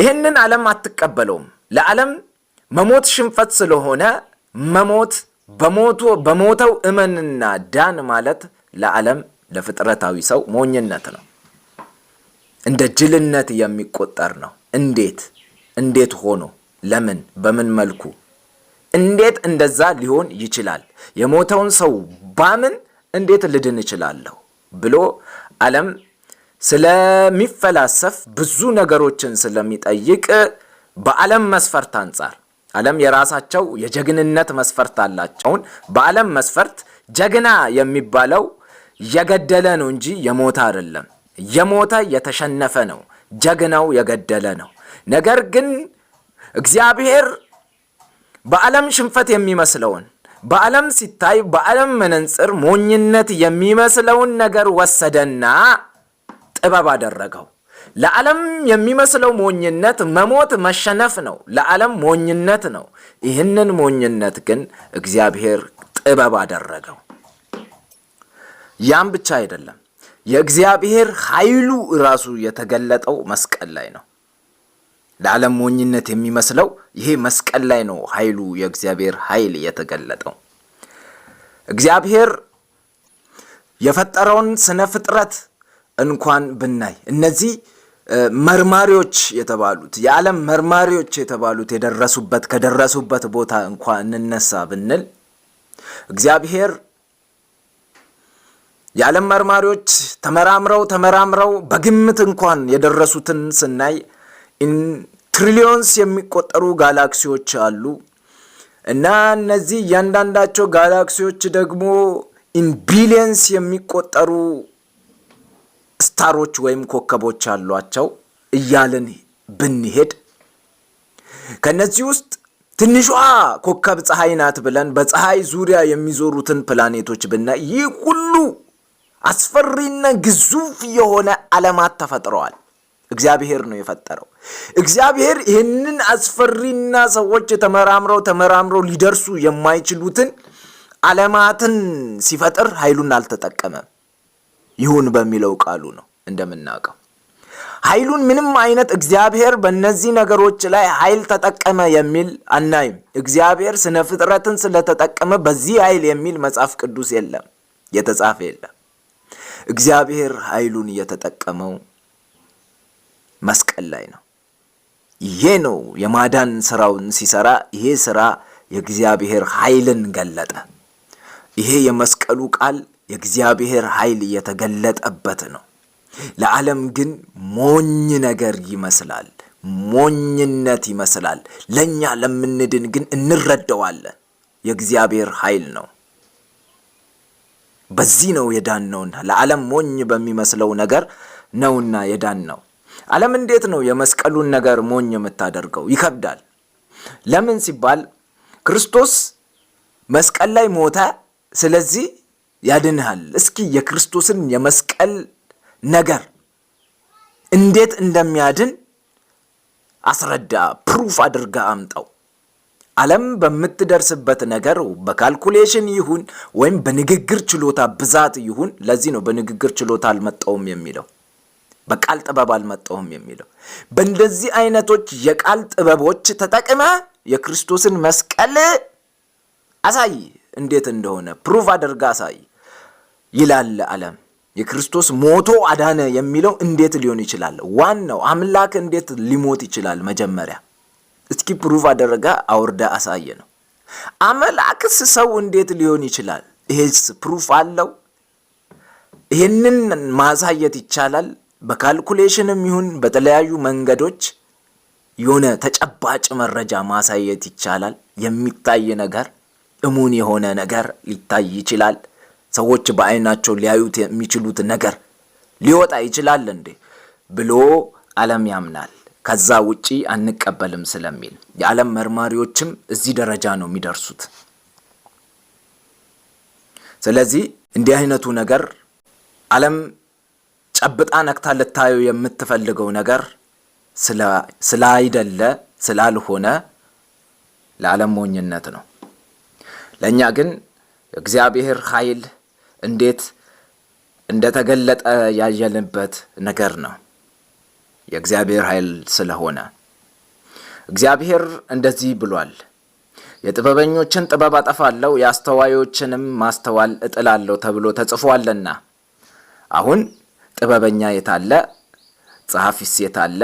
ይህንን ዓለም አትቀበለውም። ለዓለም መሞት ሽንፈት ስለሆነ መሞት በሞተው እመንና ዳን ማለት ለዓለም ለፍጥረታዊ ሰው ሞኝነት ነው፣ እንደ ጅልነት የሚቆጠር ነው። እንዴት እንዴት ሆኖ ለምን በምን መልኩ እንዴት እንደዛ ሊሆን ይችላል? የሞተውን ሰው ባምን እንዴት ልድን እችላለሁ ብሎ ዓለም ስለሚፈላሰፍ ብዙ ነገሮችን ስለሚጠይቅ በዓለም መስፈርት አንጻር ዓለም የራሳቸው የጀግንነት መስፈርት አላቸውን። በዓለም መስፈርት ጀግና የሚባለው የገደለ ነው እንጂ የሞተ አይደለም። የሞተ የተሸነፈ ነው። ጀግናው የገደለ ነው። ነገር ግን እግዚአብሔር በዓለም ሽንፈት የሚመስለውን በዓለም ሲታይ በዓለም መነጽር ሞኝነት የሚመስለውን ነገር ወሰደና ጥበብ አደረገው። ለዓለም የሚመስለው ሞኝነት መሞት መሸነፍ ነው። ለዓለም ሞኝነት ነው። ይህንን ሞኝነት ግን እግዚአብሔር ጥበብ አደረገው። ያም ብቻ አይደለም። የእግዚአብሔር ኃይሉ ራሱ የተገለጠው መስቀል ላይ ነው። ለዓለም ሞኝነት የሚመስለው ይሄ መስቀል ላይ ነው ኃይሉ የእግዚአብሔር ኃይል የተገለጠው። እግዚአብሔር የፈጠረውን ስነ ፍጥረት እንኳን ብናይ እነዚህ መርማሪዎች የተባሉት የዓለም መርማሪዎች የተባሉት የደረሱበት ከደረሱበት ቦታ እንኳ እንነሳ ብንል እግዚአብሔር የዓለም መርማሪዎች ተመራምረው ተመራምረው በግምት እንኳን የደረሱትን ስናይ ትሪሊዮንስ የሚቆጠሩ ጋላክሲዎች አሉ እና እነዚህ እያንዳንዳቸው ጋላክሲዎች ደግሞ ኢን ቢሊየንስ የሚቆጠሩ ስታሮች ወይም ኮከቦች አሏቸው እያልን ብንሄድ ከእነዚህ ውስጥ ትንሿ ኮከብ ፀሐይ ናት ብለን በፀሐይ ዙሪያ የሚዞሩትን ፕላኔቶች ብናይ ይህ ሁሉ አስፈሪና ግዙፍ የሆነ ዓለማት ተፈጥረዋል። እግዚአብሔር ነው የፈጠረው። እግዚአብሔር ይህንን አስፈሪና ሰዎች ተመራምረው ተመራምረው ሊደርሱ የማይችሉትን ዓለማትን ሲፈጥር ኃይሉን አልተጠቀመም። ይሁን በሚለው ቃሉ ነው እንደምናውቀው። ኃይሉን ምንም አይነት እግዚአብሔር በእነዚህ ነገሮች ላይ ኃይል ተጠቀመ የሚል አናይም። እግዚአብሔር ስነ ፍጥረትን ስለተጠቀመ በዚህ ኃይል የሚል መጽሐፍ ቅዱስ የለም፣ የተጻፈ የለም። እግዚአብሔር ኃይሉን እየተጠቀመው መስቀል ላይ ነው። ይሄ ነው የማዳን ስራውን ሲሰራ፣ ይሄ ስራ የእግዚአብሔር ኃይልን ገለጠ። ይሄ የመስቀሉ ቃል የእግዚአብሔር ኃይል እየተገለጠበት ነው። ለዓለም ግን ሞኝ ነገር ይመስላል፣ ሞኝነት ይመስላል። ለእኛ ለምንድን ግን እንረዳዋለን። የእግዚአብሔር ኃይል ነው። በዚህ ነው የዳን ነውና ለዓለም ሞኝ በሚመስለው ነገር ነውና የዳን ነው። ዓለም እንዴት ነው የመስቀሉን ነገር ሞኝ የምታደርገው? ይከብዳል። ለምን ሲባል ክርስቶስ መስቀል ላይ ሞተ። ስለዚህ ያድንሃል። እስኪ የክርስቶስን የመስቀል ነገር እንዴት እንደሚያድን አስረዳ፣ ፕሩፍ አድርጋ አምጣው። ዓለም በምትደርስበት ነገር በካልኩሌሽን ይሁን ወይም በንግግር ችሎታ ብዛት ይሁን፣ ለዚህ ነው በንግግር ችሎታ አልመጣውም የሚለው በቃል ጥበብ አልመጣውም የሚለው። በእንደዚህ አይነቶች የቃል ጥበቦች ተጠቅመ የክርስቶስን መስቀል አሳይ፣ እንዴት እንደሆነ ፕሩፍ አድርጋ አሳይ። ይላል አለም የክርስቶስ ሞቶ አዳነ የሚለው እንዴት ሊሆን ይችላል? ዋናው አምላክ እንዴት ሊሞት ይችላል? መጀመሪያ እስኪ ፕሩፍ አደረጋ አውርዳ አሳየ ነው። አምላክስ ሰው እንዴት ሊሆን ይችላል? ይሄስ ፕሩፍ አለው። ይህንን ማሳየት ይቻላል። በካልኩሌሽንም ይሁን በተለያዩ መንገዶች የሆነ ተጨባጭ መረጃ ማሳየት ይቻላል። የሚታይ ነገር እሙን የሆነ ነገር ሊታይ ይችላል። ሰዎች በአይናቸው ሊያዩት የሚችሉት ነገር ሊወጣ ይችላል እንዴ ብሎ ዓለም ያምናል። ከዛ ውጪ አንቀበልም ስለሚል የዓለም መርማሪዎችም እዚህ ደረጃ ነው የሚደርሱት። ስለዚህ እንዲህ አይነቱ ነገር ዓለም ጨብጣ ነክታ ልታየው የምትፈልገው ነገር ስላይደለ ስላልሆነ ለዓለም ሞኝነት ነው። ለእኛ ግን እግዚአብሔር ኃይል እንዴት እንደተገለጠ ያየንበት ነገር ነው። የእግዚአብሔር ኃይል ስለሆነ እግዚአብሔር እንደዚህ ብሏል፣ የጥበበኞችን ጥበብ አጠፋለሁ የአስተዋዮችንም ማስተዋል እጥላለሁ ተብሎ ተጽፏልና። አሁን ጥበበኛ የታለ? ጸሐፊስ የታለ?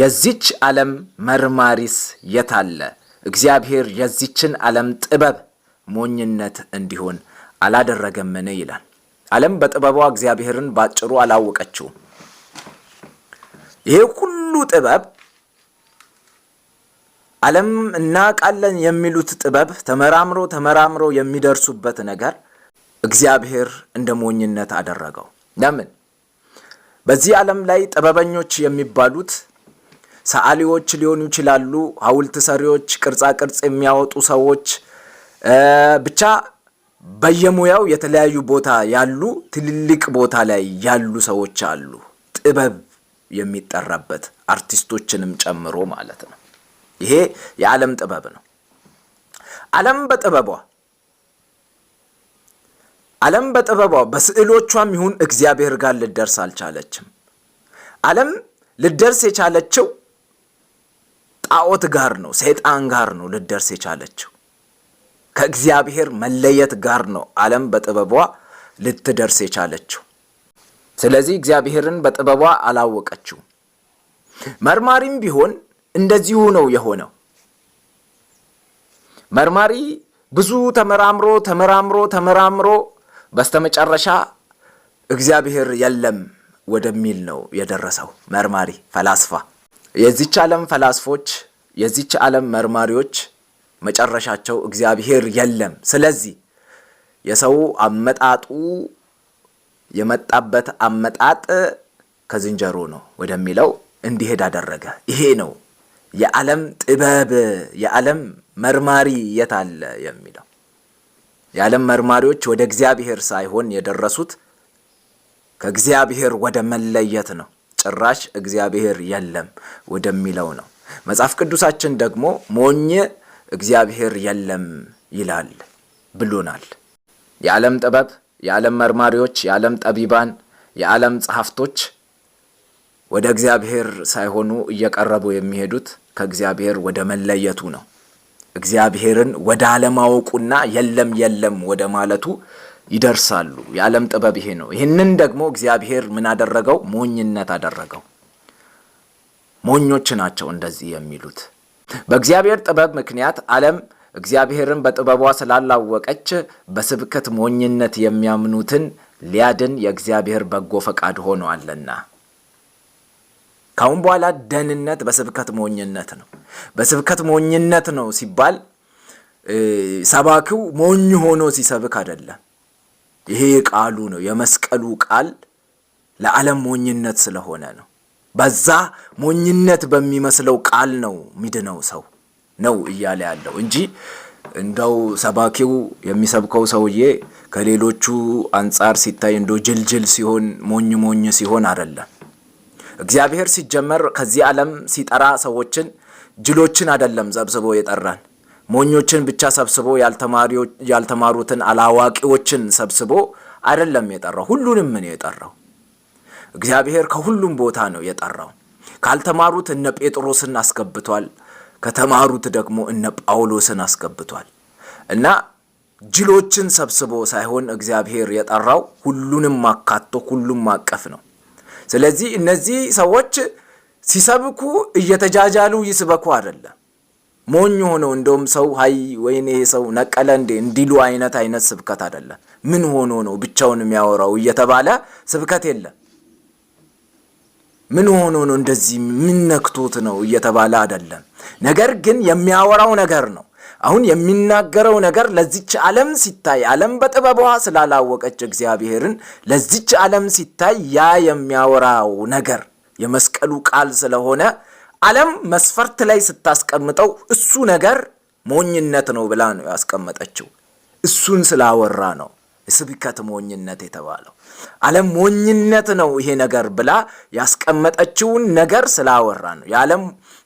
የዚች ዓለም መርማሪስ የታለ? እግዚአብሔር የዚችን ዓለም ጥበብ ሞኝነት እንዲሆን አላደረገምን ይላል። ዓለም በጥበቧ እግዚአብሔርን ባጭሩ አላወቀችውም። ይሄ ሁሉ ጥበብ ዓለም እናውቃለን የሚሉት ጥበብ ተመራምሮ ተመራምሮ የሚደርሱበት ነገር እግዚአብሔር እንደ ሞኝነት አደረገው። ለምን? በዚህ ዓለም ላይ ጥበበኞች የሚባሉት ሰዓሊዎች ሊሆኑ ይችላሉ፣ ሐውልት ሰሪዎች፣ ቅርጻ ቅርጽ የሚያወጡ ሰዎች ብቻ በየሙያው የተለያዩ ቦታ ያሉ ትልልቅ ቦታ ላይ ያሉ ሰዎች አሉ። ጥበብ የሚጠራበት አርቲስቶችንም ጨምሮ ማለት ነው። ይሄ የዓለም ጥበብ ነው። ዓለም በጥበቧ ዓለም በጥበቧ በስዕሎቿም ይሁን እግዚአብሔር ጋር ልደርስ አልቻለችም። ዓለም ልደርስ የቻለችው ጣዖት ጋር ነው፣ ሰይጣን ጋር ነው ልደርስ የቻለችው ከእግዚአብሔር መለየት ጋር ነው ዓለም በጥበቧ ልትደርስ የቻለችው። ስለዚህ እግዚአብሔርን በጥበቧ አላወቀችው። መርማሪም ቢሆን እንደዚሁ ነው የሆነው። መርማሪ ብዙ ተመራምሮ ተመራምሮ ተመራምሮ በስተመጨረሻ እግዚአብሔር የለም ወደሚል ነው የደረሰው። መርማሪ ፈላስፋ የዚች ዓለም ፈላስፎች የዚች ዓለም መርማሪዎች መጨረሻቸው እግዚአብሔር የለም። ስለዚህ የሰው አመጣጡ የመጣበት አመጣጥ ከዝንጀሮ ነው ወደሚለው እንዲሄድ አደረገ። ይሄ ነው የዓለም ጥበብ፣ የዓለም መርማሪ የት አለ የሚለው የዓለም መርማሪዎች ወደ እግዚአብሔር ሳይሆን የደረሱት ከእግዚአብሔር ወደ መለየት ነው፣ ጭራሽ እግዚአብሔር የለም ወደሚለው ነው። መጽሐፍ ቅዱሳችን ደግሞ ሞኝ እግዚአብሔር የለም ይላል ብሎናል። የዓለም ጥበብ፣ የዓለም መርማሪዎች፣ የዓለም ጠቢባን፣ የዓለም ጸሐፍቶች ወደ እግዚአብሔር ሳይሆኑ እየቀረቡ የሚሄዱት ከእግዚአብሔር ወደ መለየቱ ነው። እግዚአብሔርን ወደ አለማወቁና የለም የለም ወደ ማለቱ ይደርሳሉ። የዓለም ጥበብ ይሄ ነው። ይህንን ደግሞ እግዚአብሔር ምን አደረገው? ሞኝነት አደረገው። ሞኞች ናቸው እንደዚህ የሚሉት። በእግዚአብሔር ጥበብ ምክንያት ዓለም እግዚአብሔርን በጥበቧ ስላላወቀች በስብከት ሞኝነት የሚያምኑትን ሊያድን የእግዚአብሔር በጎ ፈቃድ ሆኗልና። ካሁን በኋላ ደህንነት በስብከት ሞኝነት ነው። በስብከት ሞኝነት ነው ሲባል ሰባኪው ሞኝ ሆኖ ሲሰብክ አይደለም። ይሄ ቃሉ ነው፣ የመስቀሉ ቃል ለዓለም ሞኝነት ስለሆነ ነው። በዛ ሞኝነት በሚመስለው ቃል ነው ሚድነው ሰው ነው እያለ ያለው እንጂ እንደው ሰባኪው የሚሰብከው ሰውዬ ከሌሎቹ አንጻር ሲታይ እንደ ጅልጅል ሲሆን ሞኝ ሞኝ ሲሆን አይደለም። እግዚአብሔር ሲጀመር ከዚህ ዓለም ሲጠራ ሰዎችን ጅሎችን አይደለም ሰብስቦ የጠራን ሞኞችን ብቻ ሰብስቦ ያልተማሩትን አላዋቂዎችን ሰብስቦ አይደለም የጠራው። ሁሉንም ምን የጠራው እግዚአብሔር ከሁሉም ቦታ ነው የጠራው። ካልተማሩት እነ ጴጥሮስን አስገብቷል። ከተማሩት ደግሞ እነ ጳውሎስን አስገብቷል እና ጅሎችን ሰብስቦ ሳይሆን እግዚአብሔር የጠራው ሁሉንም ማካቶ ሁሉም ማቀፍ ነው። ስለዚህ እነዚህ ሰዎች ሲሰብኩ እየተጃጃሉ ይስበኩ አይደለም። ሞኝ ሆነው እንደውም ሰው ሀይ ወይኔ ሰው ነቀለ እንዴ እንዲሉ አይነት አይነት ስብከት አይደለም። ምን ሆኖ ነው ብቻውን የሚያወራው እየተባለ ስብከት የለም። ምን ሆኖ ነው እንደዚህ ምን ነክቶት ነው እየተባለ አይደለም። ነገር ግን የሚያወራው ነገር ነው። አሁን የሚናገረው ነገር ለዚች ዓለም ሲታይ ዓለም በጥበቧ ስላላወቀች እግዚአብሔርን ለዚች ዓለም ሲታይ ያ የሚያወራው ነገር የመስቀሉ ቃል ስለሆነ ዓለም መስፈርት ላይ ስታስቀምጠው እሱ ነገር ሞኝነት ነው ብላ ነው ያስቀመጠችው። እሱን ስላወራ ነው ስብከት ሞኝነት የተባለው ዓለም ሞኝነት ነው ይሄ ነገር ብላ ያስቀመጠችውን ነገር ስላወራ ነው። የዓለም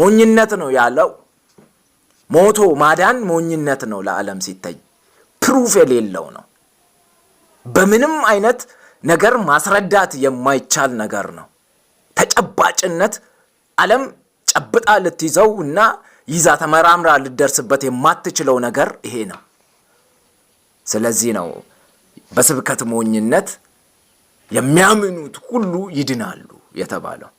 ሞኝነት ነው ያለው። ሞቶ ማዳን ሞኝነት ነው ለዓለም ሲታይ ፕሩፍ የሌለው ነው። በምንም አይነት ነገር ማስረዳት የማይቻል ነገር ነው። ተጨባጭነት ዓለም ጨብጣ ልትይዘው እና ይዛ ተመራምራ ልደርስበት የማትችለው ነገር ይሄ ነው። ስለዚህ ነው በስብከት ሞኝነት የሚያምኑት ሁሉ ይድናሉ የተባለው